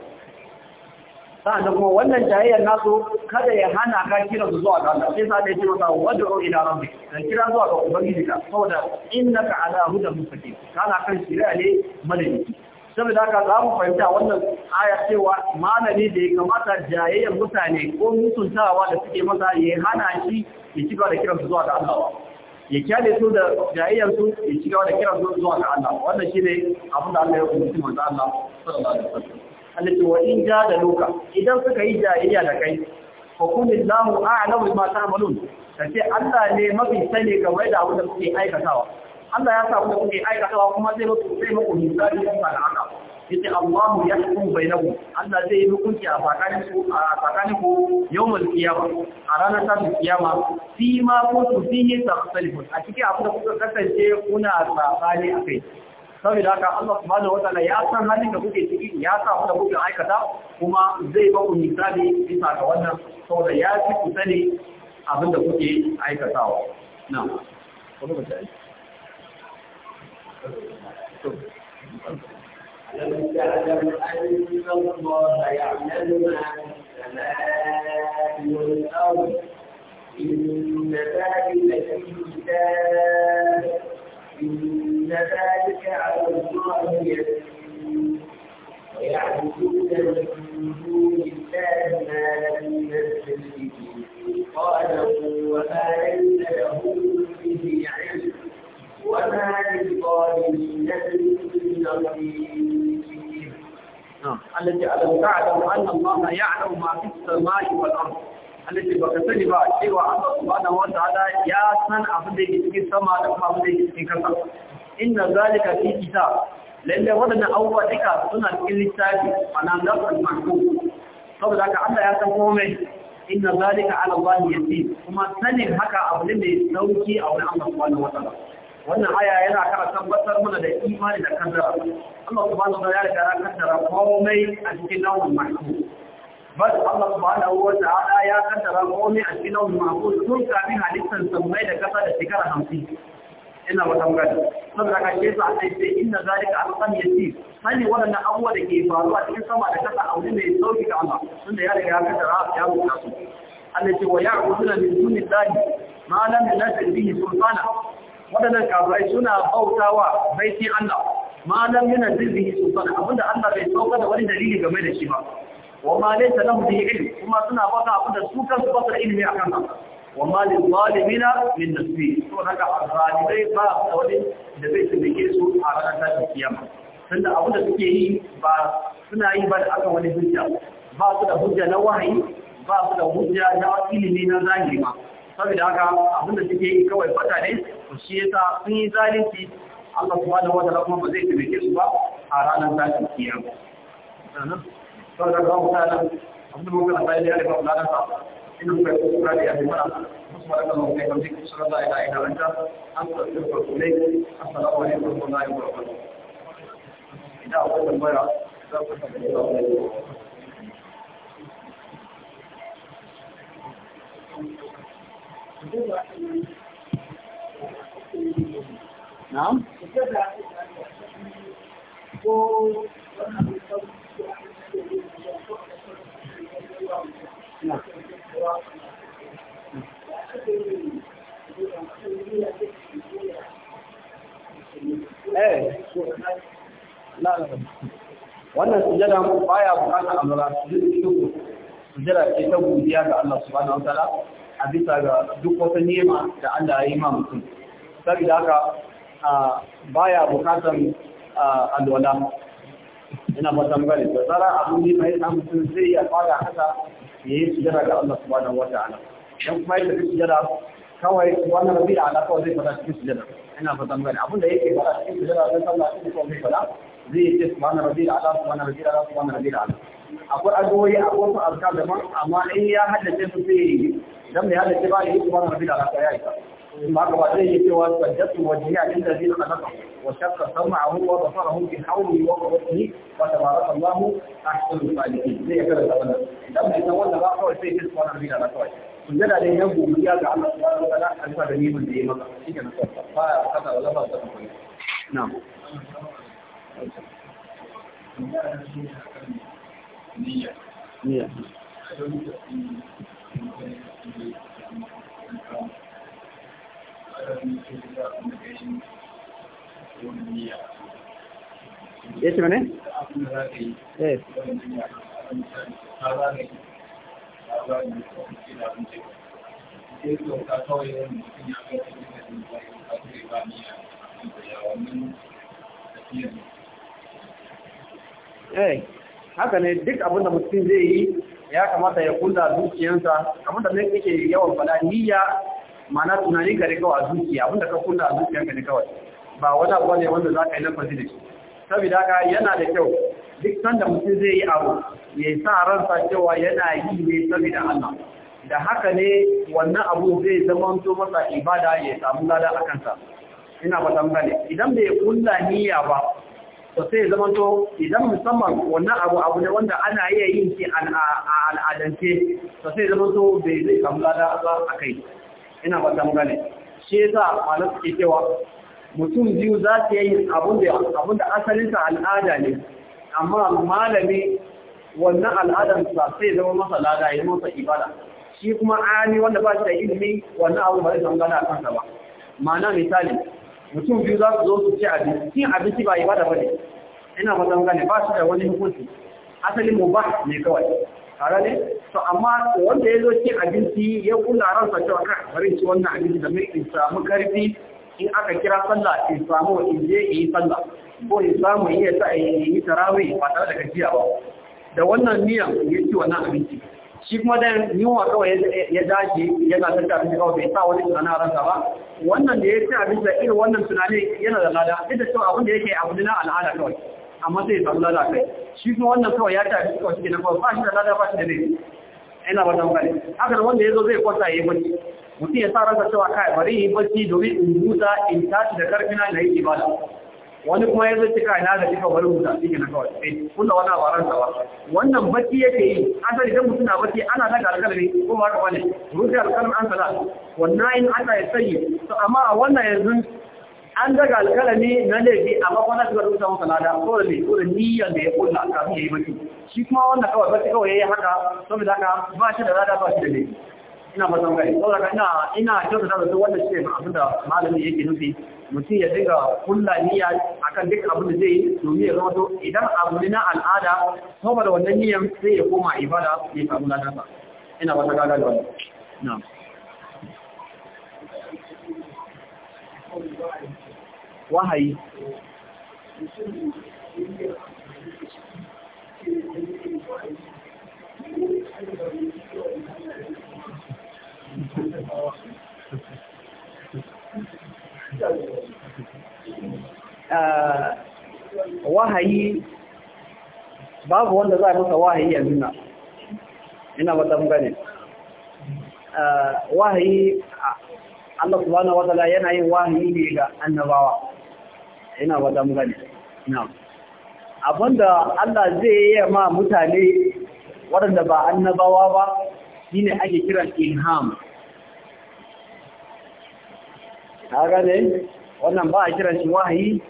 Speaker 2: da kuma wannan jayayyar nasu kada ya hana ka kira su zuwa ga Allah sai sa dai cewa wad'u ila rabbi dan kira zuwa ga ubangiji ka saboda innaka ala hudan mustaqim kana kan shirya ne madani saboda haka za mu fahimta wannan aya cewa malami da ya kamata jayayyar mutane ko mutuntawa da suke masa ya hana shi ya ci gaba da kira su zuwa ga Allah ya kyale su da jayayyar su ya ci gaba da kira su zuwa ga Allah wannan shine abin da Allah ya umarci manzo Allah sallallahu alaihi wasallam Allah wa in ja da loka idan suka yi jayayya da kai fa kullu lahu a'lamu bima ta'malun kace Allah ne mafi sani ga da abin da kuke aikatawa Allah ya sa ku kuke aikatawa kuma sai muku sai muku misali kuma da haka yace Allahu yahkum bainakum Allah zai yi hukunci a tsakanin ku a tsakanin ku yawmul a ranar ta qiyama fi ma kuntu fihi takhtalifun a cikin abu da kuka kasance kuna tsakani akai saboda haka Allah subhanahu wataala ya san halin da kuke ciki ya sa ku da kuke aikata kuma zai ba ku misali bisa ga wannan saboda ya ci ku sani abin da kuke aikatawa na wani ba ta
Speaker 1: لم تعلم
Speaker 2: أن الله يعلم ما في السماء والأرض إن ذلك في كتاب
Speaker 1: إن ذلك على الله يسير ويعبدون من دون الله ما لم ينزل به قالوا وما ليس له به علم وما للظالمين من نصير الذي ألم تعلم أن الله يعلم ما في السماء
Speaker 2: والأرض halittu ba ka sani ba cewa Allah subhanahu wa ta'ala ya san abin da yake cikin sama da kuma abin da yake cikin kasa inna zalika fi kitab lalle wadannan abubuwa duka suna cikin littafi ana lafal mahkum saboda haka Allah ya san komai inna zalika ala Allah yasir kuma sanin haka abu ne mai sauki a wurin Allah subhanahu wa ta'ala wannan aya yana kara tabbatar mana da imani da kaddara Allah subhanahu wa ta'ala ya riga ya kaddara komai a cikin lawul mahkum bas Allah subhanahu wa ta'ala ya kaddara komai a cikin mahfuz tun kafin halittar sammai da kasa da shekara hamsin. ina wata magana saboda ka ce sa sai sai inna zalika ya ci, sani waɗannan abuwa da ke faruwa cikin sama da kasa abu mai sauki ga Allah tunda ya riga ya kaddara ya rubuta su Allah ce wa ya'buduna min duni dali ma lam yunzil bihi sultana Waɗannan kafirai suna bautawa baitin Allah ma lam yunzil bihi sultana abinda Allah bai sauka da wani dalili game da shi ba wa ma laysa lahum bihi kuma suna baka abu da su kansu ba su da ilimi akan nan wa ma lil zalimina min nasbi to haka zalimai ba da wani da zai tabbake su a ranar tashin kiyama tunda abu da suke yi ba suna yi ba da akan wani hujja ba su da hujja na wahayi ba su da hujja na ilimi na zahiri ma saboda haka abin da suke yi kawai fata ne shi yasa sun yi zalunci Allah subhanahu wa ta'ala kuma ba zai tabbake su ba a ranar tashin kiyama saboda ba mu kana abin da muka da bayani da ba mu da ta ina kuma ko kura kai ta wannan sujada mu baya bukatar amara su sujada ce ta godiya ga Allah subhanahu wataala a bisa ga duk wata nema da Allah ya yi ma mutum saboda haka baya bukatar alwala ina fata mun gane da tsara abu ne mai samu sun sai ya fara haka ya yi sujada ga Allah subhanahu wataala dan kuma ya tafi sujada kawai wannan rabi da alaka zai fara cikin sujada ina fata mun gane abin da yake fara cikin sujada zai sallah cikin ko mai fara zai ce subhana rabbil ala subhana rabbil ala subhana rabbil ala akwai addu'o'i akwai wasu azkar daban amma in ya haddace su sai dan mai haddace ba ya yi subhana rabbil ala sai ya yi ما قبل ذلك وسجدت الذين خلقهم وشق سمعه وبصره حوله وقوته وتبارك الله احسن الخالقين زي كده تمام لما يتولى بقى هو الشيء اللي اسمه ربنا ده كويس sujada dai na godiya ga Allah subhanahu wa ta'ala alfa
Speaker 1: da ya ce mene? eh,
Speaker 2: eh haka ne duk abinda mutum zai yi ya kamata ya kula dukiyansa kamar da nan yake yawan bala niyya ma'ana tunanin ka ne kawai a zuciya wanda ka kunna a ka ne kawai ba wani abu ne wanda za ka yi na da shi saboda haka yana da kyau duk sanda mutum zai yi abu ya sa ransa cewa yana yi ne saboda Allah da haka ne wannan abu zai zama to masa ibada ya samu lada a kansa ina ba san gane idan bai kulla niyya ba to sai zama to idan musamman wannan abu abu ne wanda ana iya yin shi al'adance to sai zama to bai zai samu lada a kai ina ba ta gane shi yasa malam ke cewa mutum biyu za su yi abin da asalinsa al'ada ne amma malami wannan al'adar sa sai zama masa lada ya masa ibada shi kuma ani wanda ba shi da ilimi wannan abu ba zai zama gana kansa ba ma'ana misali mutum biyu za su zo su ci abinci cin abinci ba ibada ba ne ina masa gane ba shi da wani hukunci asalin mu ba ne kawai tare ne to amma wanda ya zo cin abinci ya kula ransa cewa kan bari ci wannan abinci da mai in samu karfi in aka kira sallah in samu in je in yi sallah ko in samu in yi ta in yi tarawih ba tare da gajiya ba da wannan niyan ya ci wannan abinci shi kuma da yunwa kawai ya dace yana ta ta abinci kawai bai sa wani tunana ransa ba wannan da ya ci abinci da irin wannan tunani yana da lada duk da cewa abin da yake abu na al'ada kawai amma sai ya samu lada kai shi kuma wannan kawai ya ta abinci kawai shi ne na kawai ba shi da lada ba shi da laifi ina ba don gani haka da wanda ya zo zai kwasa ya yi bacci mutum ya sa ransa cewa kai bari yi bacci domin in huta in tashi da karfi na yi ibada wani kuma ya zai cika ina da cika bari huta shi na kawai eh kun da wannan baran ba wannan bacci yake yi An asali idan mutum na bacci ana daga alƙalami ko ma ka bane rufe alƙalami an sala wannan in Allah ya sayi to amma a wannan yanzu an daga alkalami na laifi a makon na rubuta masa lada da kowane kowane da niyyar da ya kulla kafin ya yi baki shi kuma wannan kawai baki kawai yi haka bi zaka ba shi da rada ba shi da laifi ina ba zan gani saboda ina ina kyautata da wannan shi abinda malami yake nufi mutum ya dinga kulla niyya akan duk abin da zai yi domin ya zama to idan abu ne na al'ada saboda wannan niyyar sai ya koma ibada ya samu ladansa ina ba ta gaga da wannan na'am wahayi eh, wahayi babu wanda za a masa wahayi a nuna ina ba gane eh, wahayi Allah subhanahu wa ta'ala yana yin wahayi ne ga annabawa ina ba damu na abinda Allah zai yi ma mutane waɗanda ba annabawa ba shine ake kiran inham ta gane wannan ba a kiran shi wahayi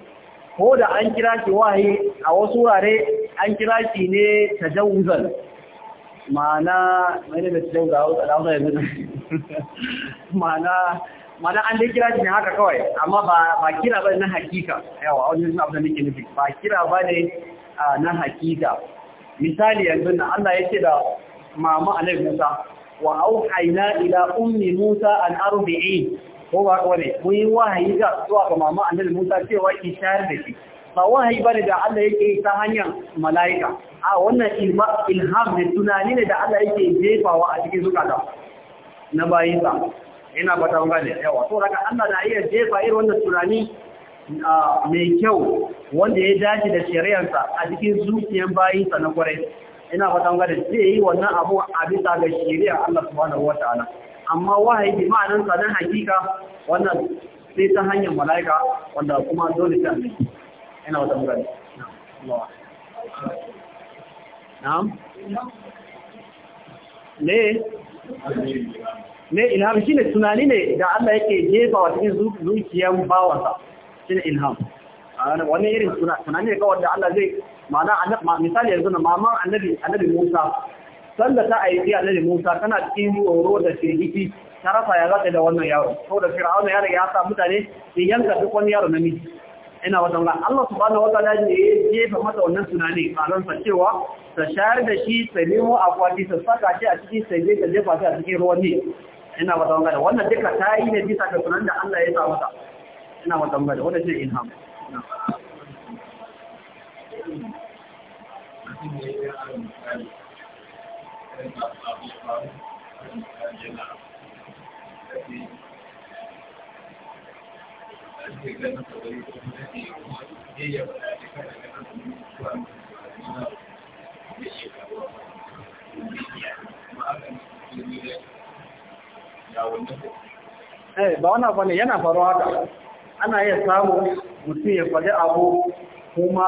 Speaker 2: ko da an kira shi wahayi a wasu wurare an kira shi ne ta jawuzan ma'ana mai ne da jawuzan a wasu al'amura yanzu ma'ana mana an dai kira shi ne haka kawai amma ba kira ba na hakika yawa wajen yin abu da nake nufi ba kira ba ne na hakika misali yanzu na Allah ya ce da mama alai musa wa auhayna ila ummi musa an arbi'i ko ba ko ne mun yi wahayi ga zuwa ga mama alai musa cewa ki shayar da shi ba wahayi bane da Allah yake ta hanyar mala'ika a wannan ilham ne tunani ne da Allah yake jefawa a cikin zukata na ba. ina fata mun ne, yawa to daga Allah na iya jefa irin wannan tunani mai kyau wanda ya dace da shari'arsa a cikin zuciyan bayinsa na kwarai ina fata mun da zai yi wannan abu a bisa ga shari'ar Allah subhanahu wataala amma wahayi bi ma'anan sa na hakika wannan sai ta hanyar mala'ika wanda kuma dole ta yi. ina wata mugani na'am ne ne ilham ne tunani ne da Allah yake jefa wa cikin zuciyan bawansa ne ilham wani irin tunani ne kawai da Allah zai ma'ana misali yanzu na mama annabi annabi Musa sanda ta aiki annabi Musa tana cikin horo da firgiti ta rasa ya zaka da wannan yaro ko da fir'auna ya riga ya sa mutane su yanka duk wani yaro namiji ina wata Allah Allah subhanahu daji ne ya jefa mata wannan tunani a ransa cewa ta shayar da shi ta nemo akwati ta saka shi a cikin sai ta jefa shi a cikin ruwan ne ina mata wangada wannan duka ta yi ne bisa ga sunan da Allah ya sa mata ina mata wangada wannan shi ilham
Speaker 1: Thank you.
Speaker 2: eh ba wannan bane yana faruwa haka ana iya samu mutum ya faɗi abu kuma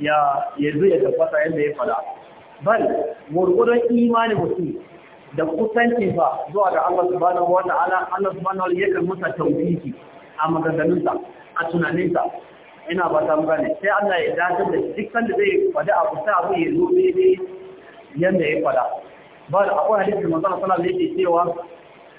Speaker 2: ya yanzu ya tabbata yadda ya faɗa bal murgudan imani mutum da kusanci fa zuwa ga Allah subhanahu wata'ala Allah subhanahu wa yakan masa tawfiki a maganganunsa a tunaninsa ina ba ta mugane sai Allah ya dace da duk sanda zai faɗi abu sai abu ya zo daidai yadda ya faɗa bal akwai hadisi manzon sallallahu alaihi wasallam yake cewa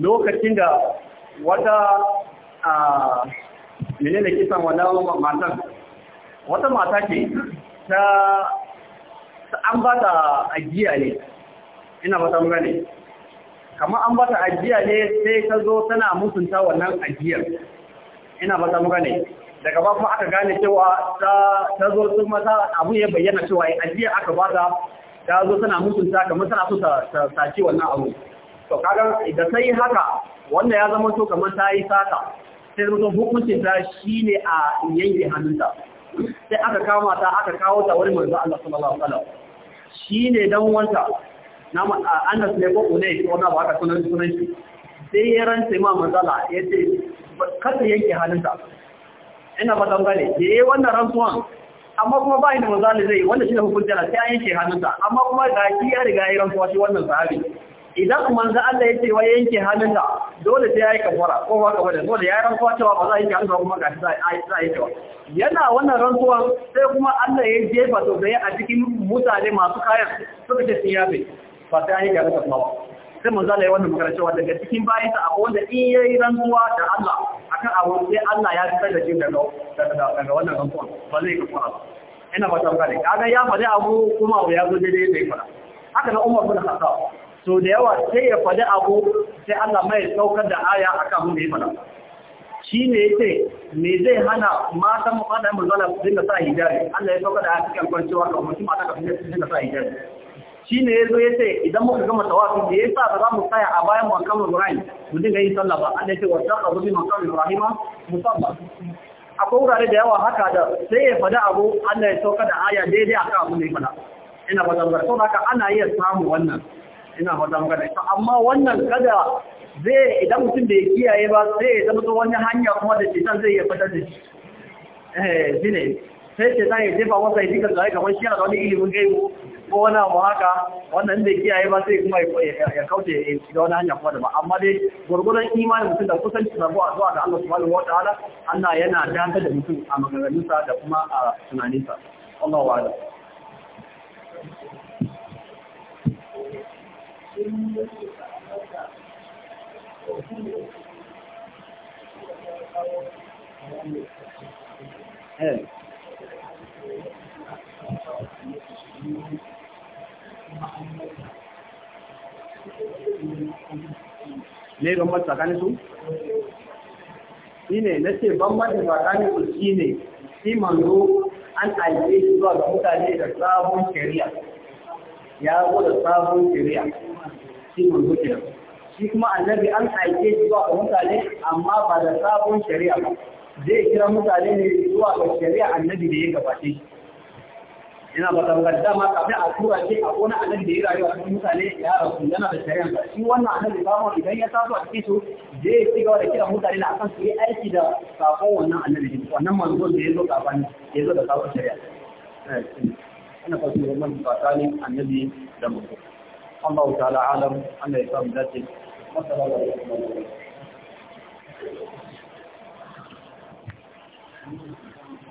Speaker 2: lokacin da wata a menene kisan wannan matan wata mata ce ta an ba ta ajiya ne ina ba ta gane kamar an ba ta ajiya ne sai ta zo tana mutunta wannan ajiyar ina ba ta gane daga ba kuma aka gane cewa ta zo sun mata abu ya bayyana cewa ajiya aka ba ta ta zo tana mutunta kamar tana so ta sace wannan abu to kaga da sai haka wanda ya zama to kamar ta yi sata sai zama to hukuncin ta shine a yanke hannunta sai aka kama ta aka kawo ta wani manzo Allah sallallahu alaihi wasallam shine dan wanta na Anas ne ko ne ko na ba ka sunan sunan shi sai ya rantsa ma manzala yace kada yanke hannunta ina ba dan gane, yayi wannan rantsuwan amma kuma ba inda Allah zai wanda shi ne hukuncin sai an yanke hannunta amma kuma ga shi ya riga ya rantsuwa shi wannan sahabi idan manzo Allah ya ce wa yanke hannunka dole sai yayi kafara ko ba kafara dole yayi rantsuwa cewa ba za a yi hannunka kuma ga sai sai cewa yana wannan rantsuwa sai kuma Allah ya jefa to da a cikin mutane masu kayan suka ce ya bai ba sai yayi ga kuma sai manzo Allah ya wannan magana cewa daga cikin bayin sa akwai wanda in yayi rantsuwa da Allah akan abu sai Allah ya fitar da shi daga daga wannan rantsuwa ba zai kafara ina ba ta gane kaga ya faɗi abu kuma ya zo daidai sai fara haka na Umar bin Khattab so da yawa sai ya faɗi abu sai Allah mai saukar da aya akan abin da ya faɗa shi ne ya ce me zai hana matan mu faɗa mu zala su dinga sa hijabi Allah ya saukar da aya cikin kwancewa ka mutum mata ka su dinga sa hijabi shi ne ya zo ya ce idan muka gama tawafi da ya sa ba za mu tsaya a bayan makamin Ibrahim mu dinga yin sallah ba Allah ya ce wasu ka zubi makamin Ibrahim musamman akwai wurare da yawa haka da sai ya faɗi abu Allah ya saukar da aya daidai akan abin da ya faɗa ina ba zan bar saboda ana iya samu wannan ina fata muka da amma wannan kada zai idan mutum da ya kiyaye ba zai ya zama wani hanya kuma da cetan zai iya fitar da shi eh dine sai ce cetan ya jefa masa ya dika zai kamar shi yana da wani ilimin gaibu ko wani abu haka wannan da ya kiyaye ba sai kuma ya kauce ya shiga wani hanya kuma da ba amma dai gwargwadon imanin mutum da kusanci da zuwa zuwa da Allah subhanahu wa ta'ala Allah yana danta da mutum a maganganunsa da kuma a tunaninsa Allah wa'ala Eh. ne bambanci tsakanin su? shi na ce ban bambanci tsakanin su shi shi manzo an aike shi zuwa ga mutane da sabon shari'a ya gwada sabon shari'a shi mun kenan shi kuma annabi an aike shi zuwa ga mutane amma ba da sabon shari'a ba zai kira mutane ne zuwa ga shari'a annabi da ya gabace ina ba ta gaddama dama kafin a tura ce a kona annabi da ya rayuwa cikin mutane ya rasu yana da shari'a shi wannan annabi ba mu idan ya taso a cikin su zai ci gaba da kira mutane na akan su yi aiki da sakon wannan annabi wannan manzo da ya zo kafin ya zo da sabon shari'a eh, ina fasu da man tsakanin annabi da mutum Allah ta'ala alam Allah ya samu dace
Speaker 1: assalamu alaikum